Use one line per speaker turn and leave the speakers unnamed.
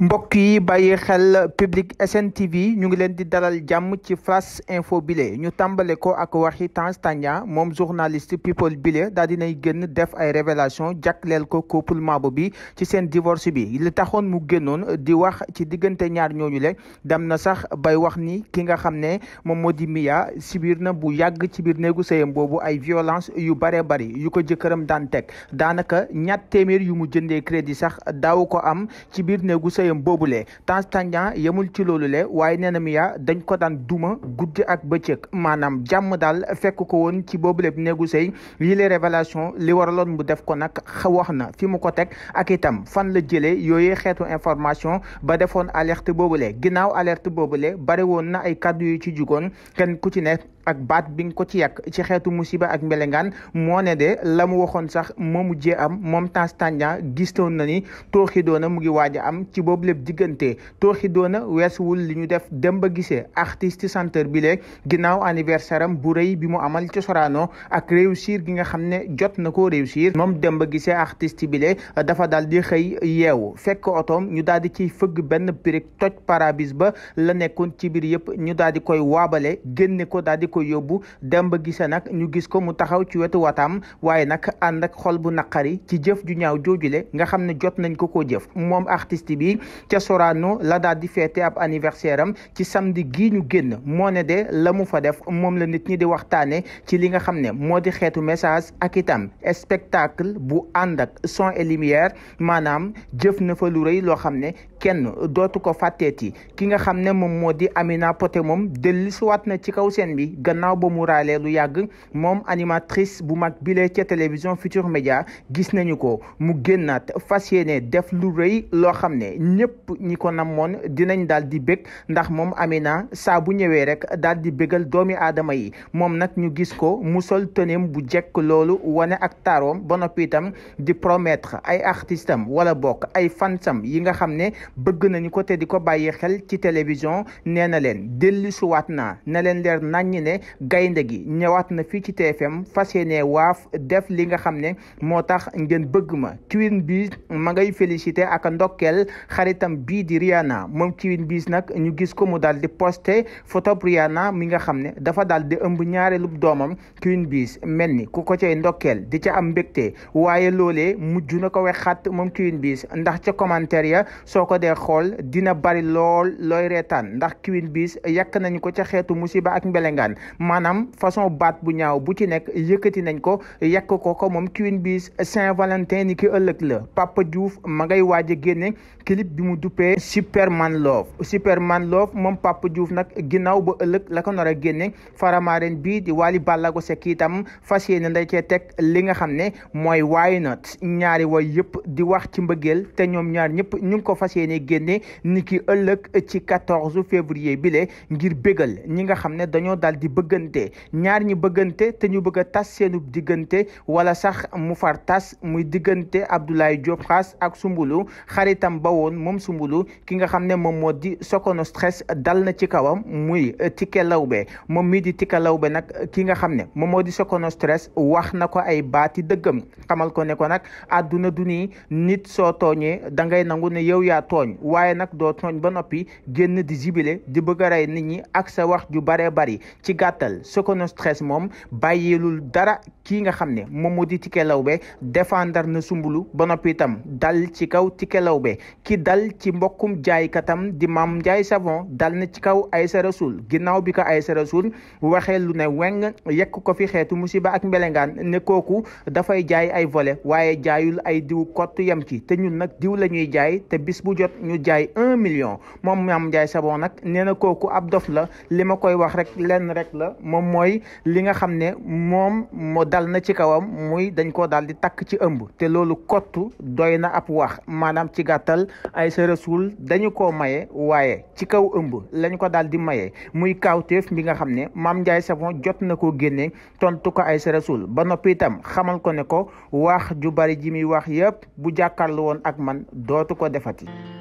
mbokk yi bàyyi xel public SN TV ñu ngi leen di dalal jàmm ci flash info bile ñu tàmbale ko ak waxi Tange Tandian moom journaliste people bile daal dinay génn def ay révélation jàkkleel ko couple Mabo bi ci seen divorce bi li taxoon mu génnoon di wax ci diggante ñaar ñooñu le dem na sax bay wax ni ki nga xam ne moom moo di si biir na bu yàgg ci biir néegu sëyam boobu ay violence yu bare bari yu ko jëkkëram daan teg daanaka ñaat téeméer yu mu jëndee crédit sax daaw ko am ci biir liggéeyam boobule Tange Tandian yemul ci loolu le waaye nee na Mia dañ ko daan duuma guddi ak bëccëg maanaam jàmm daal fekk ko woon ci bu néegu sëy lii les révélation li waraloon mu def ko nag wax na fi mu ko teg ak itam fan la jëlee yooyee xeetu information ba defoon alerte boobule ginnaaw alerte boobule bari woon na ay kàddu yu ci jugoon kenn ku ci nekk ak baat bi nga ko ci yàq ci xeetu musiba ak mbelengaan moo ne de la mu waxoon sax moomu jee am moom Tange Tandian gistoon na ni tooxi doona mu ngi waaj a am ci boobu lépp diggante tooxi doona weesuwul li ñu def dem ba gisee artiste chanteur bi lee ginnaaw anniversaire am bu rëy bi mu amal ci Sorano ak réussir gi nga xam ne jot na ko réussir moom dem ba gisee artiste bi lee dafa daal di xëy yeewu fekk otoom ñu daal di ciy fëgg benn pirig toj parabis ba la nekkoon ko yóbbu Demba Guissé nag ñu gis ko mu taxaw ci wetu watam waaye nag ànd ak xol bu naqari ci jëf ju ñaaw joojule nga xam ne jot nañ ko koo jëf moom artist bi ca soraano la daal di feete ab anniversaire am ci samedi gii ñu génn moo ne de la mu fa def moom la nit ñi di waxtaane ci li nga xam ne moo di xeetu message ak itam spectacle bu ànd ak son et lumière maanaam jëf na fa lu rëy loo xam ne kenn dootu ko fàtteeti ki nga xam ne moom moo di Amina Poté moom dellusiwaat na ci kaw seen bi gannaaw ba mu raalee lu yàgg moom animatrice bu mag bile ca télévision Futur Média gis nañu ko mu génnaat fas yéene def lu rëy loo xam ne ñëpp ñi ko namoon dinañ daal di bég ndax moom Amina saa bu ñëwee rek daal di bégal doomi aadama yi moom nag ñu gis ko mu sol tëneem bu jekk loolu wane ak taaroom ba noppi itam di promettre ay artistam wala bokk ay fansam yi nga xam ne bëgg nañu ko te di ko bàyyi xel ci télévision nee na leen dellu suwaat naa na leen leer nàññi ne gaynde gi ñëwaat na fii ci TFM fas yéene waaf def li nga xam ne moo tax ngeen bëgg ma Queen Biz ma ngay félicité ak ndokkeel xaritam bii di Rihanna moom Queen biis nag ñu gis ko mu daal di posté photo Rihanna mi nga xam ne dafa daal di ëmb ñaareelu doomam Queen Biz mel ni ku ko cay ndokkeel di ca am mbégte waaye loole mujj na ko wexaat moom Queen Biz ndax ca commentaire ya neexee xool dina bari lool looy reetaan ndax Queen Biz yàq nañu ko ca xeetu musiba ak mbelengaan maanaam façon baat bu ñaaw bu ci nekk yëkkati nañ ko yàq ko ko moom Queen Biz Saint-Valentin ni ki ëllëg la Papa Diouf ma ngay waaj a génne clip bi mu duppee Superman Love Superman Love moom Papa juuf nag ginnaaw ba ëllëg la ko nar a génne faramaaren bii di Wally Ballago Seck itam fas yéene nday cee teg li nga xam ne mooy why ñaari way yëpp di wax ci mbëggeel fanaanee génne ni ki ëllëg ci 14 février bi le ngir bégal ñi nga xam ne dañoo daal di bëggante ñaar ñi bëggante te ñu bëgg a tas seenub diggante wala sax mu far tas muy diggante Abdoulaye Diop Khass ak Soumboulou xaritam ba woon moom Soumboulou ki nga xam ne moom moo di Sokono Stress dal na ci kawam muy Tické be moom mii di Tické Laobé nag ki nga xam ne moom moo di Sokono Stress wax na ko ay baati dëggam xamal ko ne ko nag du nii nit soo tooñee dangay nangu tooñ waaye nag doo tooñ ba noppi génn di sibile di bëgg a rey nit ñi ak sa wax ju baree bari ci gàttal Sokono Stress moom bàyyilul dara kii nga xam ne moom moo di Tické Laobé défendre na sumbulu ba noppi itam dal ci kaw Tické be ki dal ci mbokkum jaay katam di maam Ndiaye Savon dal na ci kaw Aïssa Rassoul ginnaaw bi ko Aïssa Rassoul waxee lu ne weng yekk ko fi xeetu musiba ak mbelengaan ne kooku dafay jaay ay volet waaye jaayul ay diw kott yam ci te ñun nag diw la ñu jaay un million moom Mame Ndiaye sabon nag nee na kooku ab dof la li ma koy wax rek lenn rek la moom mooy li nga xam ne moom moo dal na ci kawam muy dañ koo daal di takk ci ëmb te loolu kottu doy na ab wax maanaam ci gàttal ay Aïssa Rassoul dañu ko maye waaye ci kaw ëmb lañ ko daal di maye muy kawteef bi nga xam ne maam Ndiaye Savon jot na ko génne tontu ko Aïssa Rassoul ba noppi itam xamal ko ne ko wax ju bari ji muy wax yëpp bu jàkkaarlu woon ak man dootu ko defati